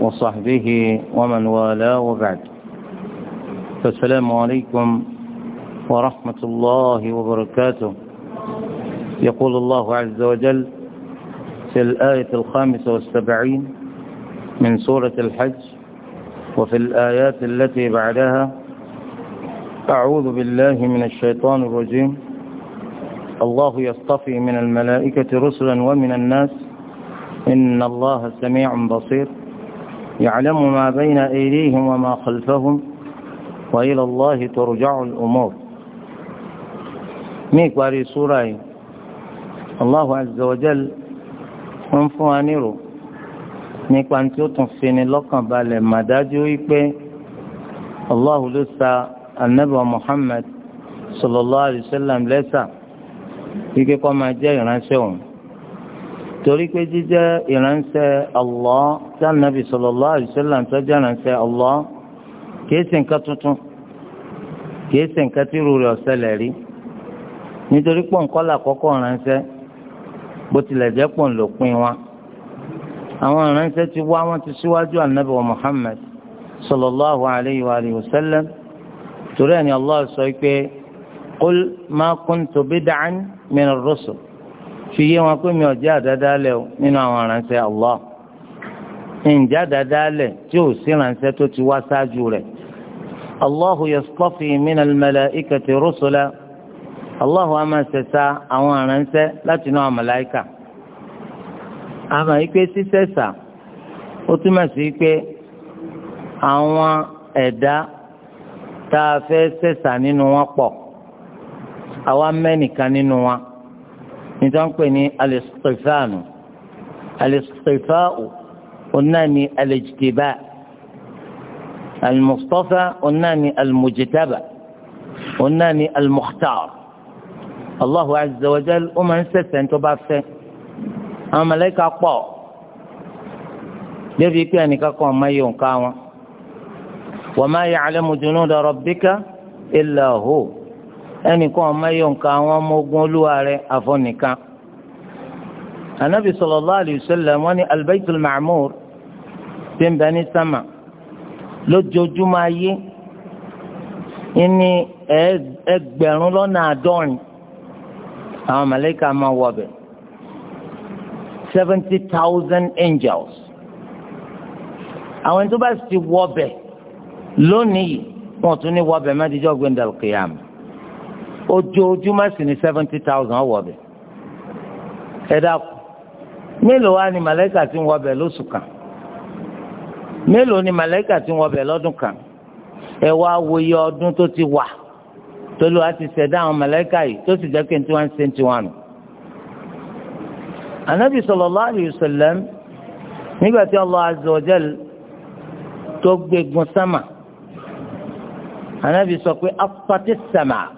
وصحبه ومن والاه وبعد فالسلام عليكم ورحمة الله وبركاته يقول الله عز وجل في الآية الخامسة والسبعين من سورة الحج وفي الآيات التي بعدها أعوذ بالله من الشيطان الرجيم الله يصطفي من الملائكة رسلا ومن الناس إن الله سميع بصير يعلم ما بين أيديهم وما خلفهم وإلى الله ترجع الأمور ميك واري سورة الله عز وجل انفوانيرو ميك وانتو تنفيني لقا بالمداجو يكبي الله لسا النبي محمد صلى الله عليه وسلم لسا يكي قوما جاي رانسيهم torí pé jíjẹ́ ìránṣẹ́ Allah tí Ànábì sallallahu alaihi wasallam tó jẹ́ ìránṣẹ́ Allah kìí ṣe nǹkan tuntun kìí ṣe nǹkan tí rúurú ọ̀sẹ̀lẹ̀ rí nítorí pọ̀ ńkọ́lá kọ́kọ́ ránṣẹ́ bó tilẹ̀ jẹ́ pọ̀ ńlòpin wọn àwọn ránṣẹ́ ti wá wọn ti síwájú Ànábì wa Muhammad sallallahu alayhi wa alihi wa sallam torí ẹni Allah sọ pé qul ma kuntu bid'an min ar-rusul fi yé wọn pé mi ò jẹ́ àdádálẹ̀ o nínú àwọn aránṣẹ́ Allah ǹjẹ́ àdádálẹ̀ tí ò sí ránṣẹ́ tó ti wá ṣáájú rẹ̀ Allahu yastafi min al-malaikati rusula Allahu a máa àwọn aránṣẹ́ láti inú àwọn màláíkà àmọ́ ìpè sísẹ̀ṣà ó túmọ̀ sí pé àwọn ẹ̀dá tá a fẹ́ ṣẹ̀ṣà nínú wọn pọ̀ àwa mẹ́nìkan nínú wọn níta ń pè ní alẹ́sítẹ́fáànù alẹ́sítẹ́fáàù ọ̀nà ni alẹ́jìdẹ́bà almustafa ọ̀nà ni almujitaba ọ̀nà ni almukhtar allahu azza wa jal ó máa ń sẹ̀sẹ̀ tó bá fẹ́ àwọn mẹlẹ́kà pọ̀ débi pé ẹnìkan kan máa yọ̀ nǹkan wọn wa ma ya'lamu junuda rabbika illa hu ẹnìkan ọmọyọǹkà àwọn ọmọ ogun olúwa rẹ̀ àfọnìkan anabi sallallahu alayhi wa sallam wọ́n ní albaitul ma'mur tí ń bẹ ní sámà lójoojúmọ́ ayé ní ẹgbẹ̀rún lọ́nà àádọ́rin àwọn màlàíkà máa wọ bẹ̀ seventy thousand angels àwọn tó bá sì wọ bẹ̀ lónìí wọ́n tún ní wọ bẹ̀ má dijọ́ ojoojúmọ́ sì ní seventy thousand ọwọ́ bẹ̀ ẹ dákun mélòó wa ni màlẹ́kà ti ń wọbẹ̀ lóṣù kan mélòó ni màlẹ́kà ti ń wọbẹ̀ lọ́dún kan ẹ wá wòye ọdún tó ti wà tolu a ti ṣẹ̀dá àwọn màlẹ́kà yìí tó sì jẹ́ pé tí wọ́n ń tí wọ́n anabi sallallahu alayhi wa sallam nígbà tí Allah azza wa jal tó gbégun sámà anabi sọ pé afati sámà.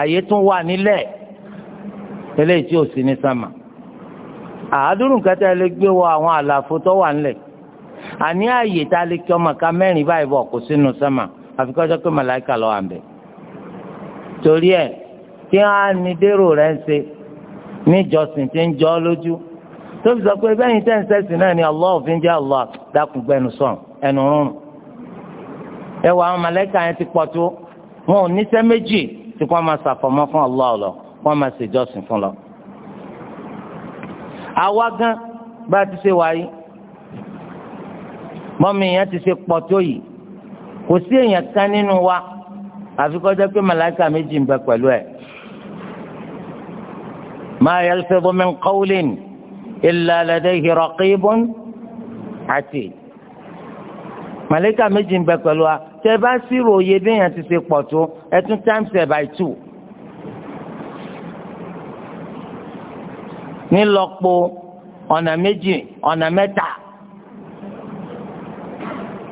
àyè tún wà nílẹ̀ eléyìí tí ò sí ní sàmà àádúrún kẹta ẹ lè gbé wọ àwọn àlàfo tó wà nílẹ̀ àní àyè tá a lè kí ọmọ ká mẹ́rin báyìí bọ̀ kó sínú sàmà àfi kọjá pé màláìka lọ wà ń bẹ torí ẹ kí á ní dérò rẹ ń ṣe níjọsìn tí ń jọ ọ lójú tó fi sọ pé bẹ́ẹ̀ ni tẹ́ǹsẹ̀sì náà ni Allah òfin jẹ́ Allah dákun gbẹnu sàn ẹnu rúnrún ẹ wọ àwọn màláìka yẹn ti pọ̀ tó wọn ò níṣẹ́ méjì tí kò máa ṣàfọ̀mọ́ fún Allah lọ kò máa ṣèjọsìn fún lọ. àwa gan bá a ti ṣe wáyé mọ́mí yẹn ti ṣe pọ̀ tó yìí kò sí èèyàn kan nínú wa àfi kó pé màláìka méjì ń bẹ pẹ̀lú ẹ̀. ma yalfidu min qawlin illa ladayhi raqibun atid. màláìka méjì ń bẹ pẹ̀lú wa tẹ bá sírò iye béèyàn ti ṣe pọ̀ tó ẹ tún times ẹ̀ by two. nílọ́po ọ̀nà méjì ọ̀nà mẹ́ta.